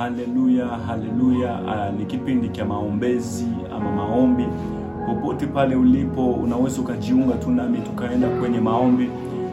Haleluya, haleluya. Uh, ah, ni kipindi cha maombezi ama maombi. Popote pale ulipo, unaweza ukajiunga tu nami tukaenda kwenye maombi.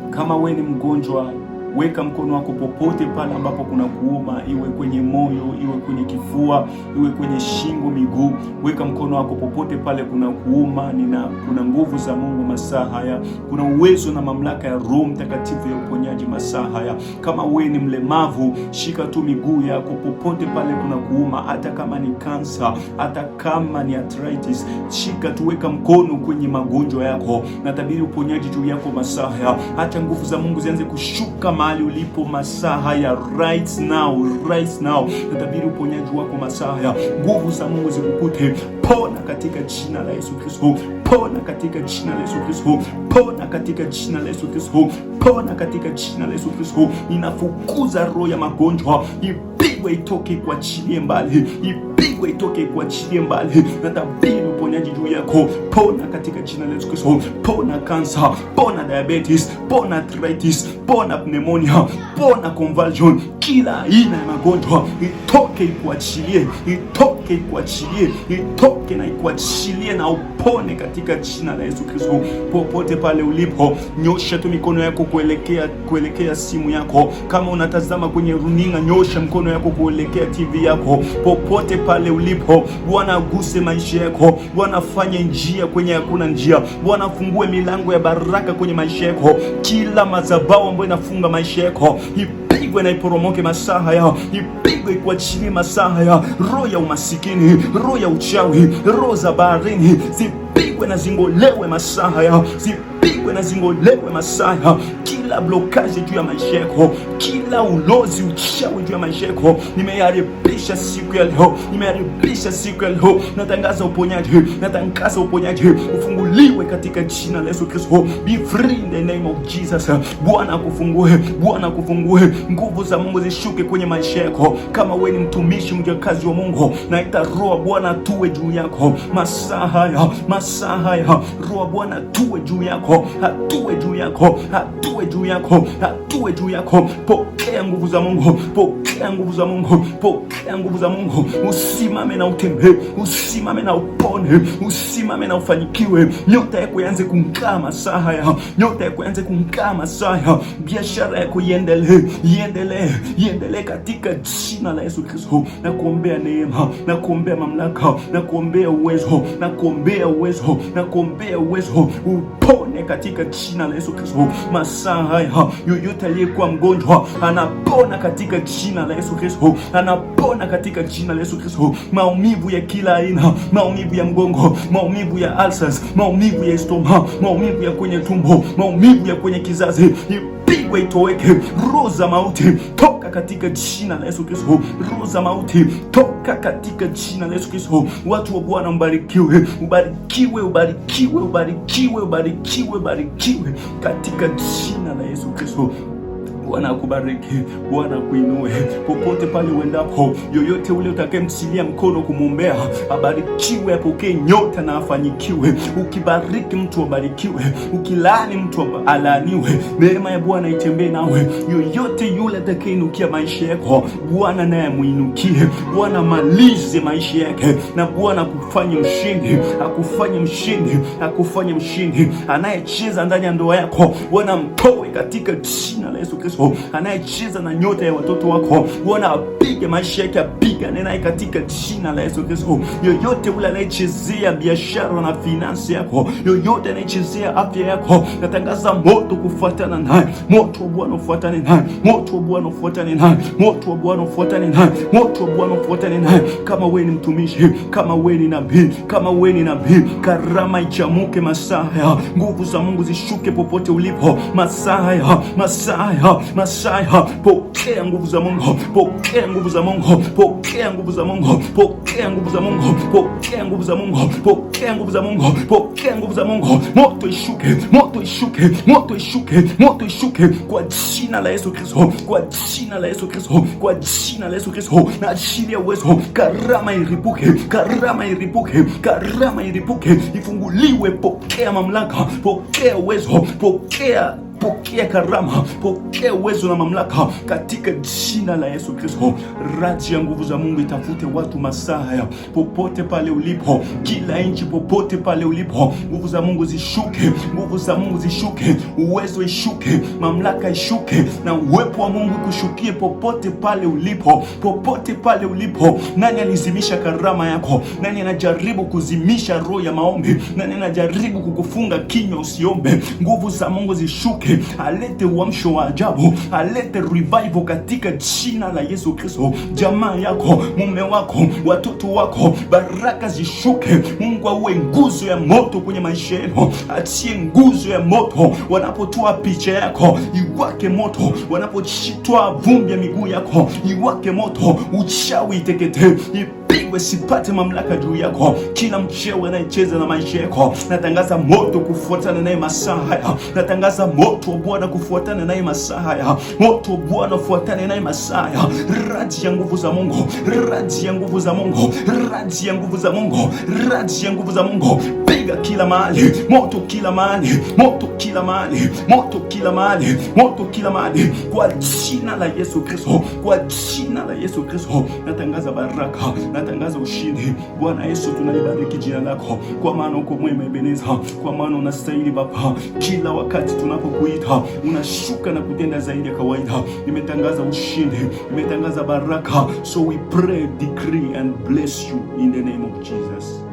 Kama we ni mgonjwa Weka mkono wako popote pale ambapo kuna kuuma, iwe kwenye moyo, iwe kwenye kifua, iwe kwenye shingo, miguu. Weka mkono wako popote pale kuna kuuma. Nina kuna nguvu za Mungu masaa haya, kuna uwezo na mamlaka ya Roho Mtakatifu ya uponyaji masaa haya. Kama wewe ni mlemavu, shika tu miguu yako popote pale kuna kuuma, hata kama ni kansa, hata kama ni arthritis, shika tu, weka mkono kwenye magonjwa yako. Natabiri uponyaji juu yako masaa haya, hata nguvu za Mungu zianze kushuka ma mahali ulipo masaa haya right now, right now, natabiri uponyaji wako masaa haya, nguvu za Mungu zikukute. Pona katika jina la Yesu Kristo, pona katika jina la Yesu Kristo, pona katika jina la Yesu Kristo, pona katika jina la Yesu Kristo. Ninafukuza roho ya magonjwa, ipigwe itoke, kwa kuachilie mbali, ipigwe itoke, kwa kuachilie mbali, natabiri uponyaji juu yako. Pona katika jina la Yesu Kristo. Pona kansa, pona diabetes, pona arthritis, pona pneumonia, pona convulsion, kila aina ya magonjwa itoke, ikuachilie, itoke, ikuachilie, itoke na ikuachilie na upone katika jina la Yesu Kristo. Popote pale ulipo, nyosha tu mikono yako kuelekea kuelekea simu yako. Kama unatazama kwenye runinga, nyosha mkono yako kuelekea TV yako. Popote pale ulipo, Bwana aguse maisha yako. Bwana afanye njia kwenye hakuna njia. Bwana afungue milango ya baraka kwenye maisha yako. Kila madhabahu ambayo inafunga maisha yako ipigwe na iporomoke masaha yao, ipigwe chini masaha yao. Roho ya umasikini, roho ya uchawi, roho za baharini zipigwe na zingolewe masaha yao, zipigwe na zingolewe masaha yao. Kila blokaji juu ya maisha yako, kila ulozi, uchawi juu ya maisha yako, nimeharibisha siku ya leo, nimeharibisha siku ya leo. Natangaza uponyaji, natangaza uponyaji, ufunguliwe katika jina la Yesu Kristo. Be free in the name of Jesus. Bwana akufungue, Bwana akufungue, nguvu za Mungu zishuke kwenye maisha yako. Kama wewe ni mtumishi, mjakazi wa Mungu, naita roho Bwana tuwe juu yako masaha ya masaha masaa haya. Roho Bwana tuwe juu yako, atuwe juu yako, atuwe juu yako, atuwe juu yako. Pokea nguvu za Mungu, pokea nguvu za Mungu, pokea nguvu za Mungu. Usimame na utembee, usimame na upone, usimame na ufanyikiwe. Nyota yako ianze kung'aa masaa haya, nyota yako ianze kung'aa masaa haya. Biashara yako iendelee, iendelee, iendelee katika jina la Yesu Kristo. Na kuombea neema, na kuombea mamlaka, na kuombea uwezo, na kuombea uwezo uwezo na kuombea uwezo upone katika jina la Yesu Kristo. Masaa haya yoyote aliyekuwa mgonjwa anapona katika jina la Yesu Kristo, anapona katika jina la Yesu Kristo. Maumivu ya kila aina, maumivu ya mgongo, maumivu ya ulcers, maumivu ya stoma, maumivu ya kwenye tumbo, maumivu ya kwenye kizazi Pigwe itoweke. Roho za mauti toka katika jina la Yesu Kristo. Roho za mauti toka katika jina la Yesu Kristo. Watu wa Bwana mbarikiwe, mbarikiwe ubarikiwe, ubarikiwe, ubarikiwe, ubarikiwe, ubarikiwe katika jina la Yesu Kristo. Bwana akubariki, Bwana akuinue popote pale uendapo. Yoyote ule utakayemtilia mkono kumwombea abarikiwe, apokee nyota na afanyikiwe. Ukibariki mtu abarikiwe, ukilaani mtu alaaniwe. Neema ya Bwana itembee nawe. Yoyote yule atakayeinukia maisha yako, Bwana naye muinukie. Bwana malize maisha yake, na Bwana akufanye mshindi, akufanye mshindi, akufanye mshindi. Anayecheza ndani ya ndoa yako, Bwana mtoe katika jina la Yesu Kristo. Yesu anayecheza na nyota ya watoto wako, Bwana apige maisha yake, apigane naye katika jina la Yesu Kristo. Yoyote ule anayechezea biashara na finansi yako, yoyote anayechezea afya yako, natangaza moto kufuatana naye, moto wa Bwana ufuatane naye, moto wa Bwana ufuatane naye, moto wa Bwana ufuatane naye, moto wa Bwana ufuatane naye. Kama wewe ni mtumishi, kama wewe ni nabii, kama wewe ni nabii, karama ichamuke masaa haya, nguvu za Mungu zishuke popote ulipo masaa haya, masaa haya Masaya, pokea nguvu za Mungu, pokea nguvu za Mungu, pokea nguvu za Mungu, pokea nguvu za Mungu, pokea nguvu za Mungu, pokea nguvu za Mungu, pokea nguvu za Mungu. Moto ishuke, moto ishuke, moto ishuke, moto ishuke kwa jina la Yesu Kristo, kwa jina la Yesu Kristo, kwa jina la Yesu Kristo, na ajili ya uwezo, karama iripuke, karama iripuke, karama iripuke, ifunguliwe. Pokea mamlaka, pokea uwezo, pokea pokea karama, pokea uwezo na mamlaka katika jina la Yesu Kristo. Raji ya nguvu za Mungu itafute watu masaa haya, popote pale ulipo, kila nchi, popote pale ulipo, nguvu za Mungu zishuke, nguvu za Mungu zishuke, uwezo ishuke, mamlaka ishuke, na uwepo wa Mungu kushukie popote pale ulipo, popote pale ulipo. Nani alizimisha karama yako? Nani anajaribu kuzimisha roho ya maombi? Nani anajaribu kukufunga kinywa usiombe? Nguvu za Mungu zishuke wake, alete uamsho wa ajabu, alete revival katika jina la Yesu Kristo. Jamaa yako, mume wako, watoto wako, baraka zishuke. Mungu auwe nguzo ya moto kwenye maisha yenu, atie nguzo ya moto. Wanapotoa picha yako, iwake moto. Wanapochitwa vumbi ya miguu yako, iwake moto. Uchawi iteketee sipate mamlaka juu yako. Kila mchewe anayecheza na maisha yako, natangaza moto kufuatana naye masaa haya. Natangaza moto wa Bwana kufuatana naye masaa haya. Moto wa Bwana ufuatane naye masaa haya. Radi ya nguvu za Mungu, radi ya nguvu za Mungu, radi ya nguvu za Mungu, radi ya nguvu za Mungu. Piga kila mali, moto kila mali, moto kila mali, moto kila mali, moto kila mali, kwa jina la Yesu Kristo, kwa jina la Yesu Kristo. Natangaza baraka, natangaza ushindi. Bwana Yesu, tunalibariki jina lako, kwa maana uko mwema Ebeneza, kwa maana unastahili Baba. Kila wakati tunapokuita unashuka na kutenda zaidi ya kawaida. Nimetangaza ushindi, nimetangaza baraka. So we pray, decree and bless you in the name of Jesus.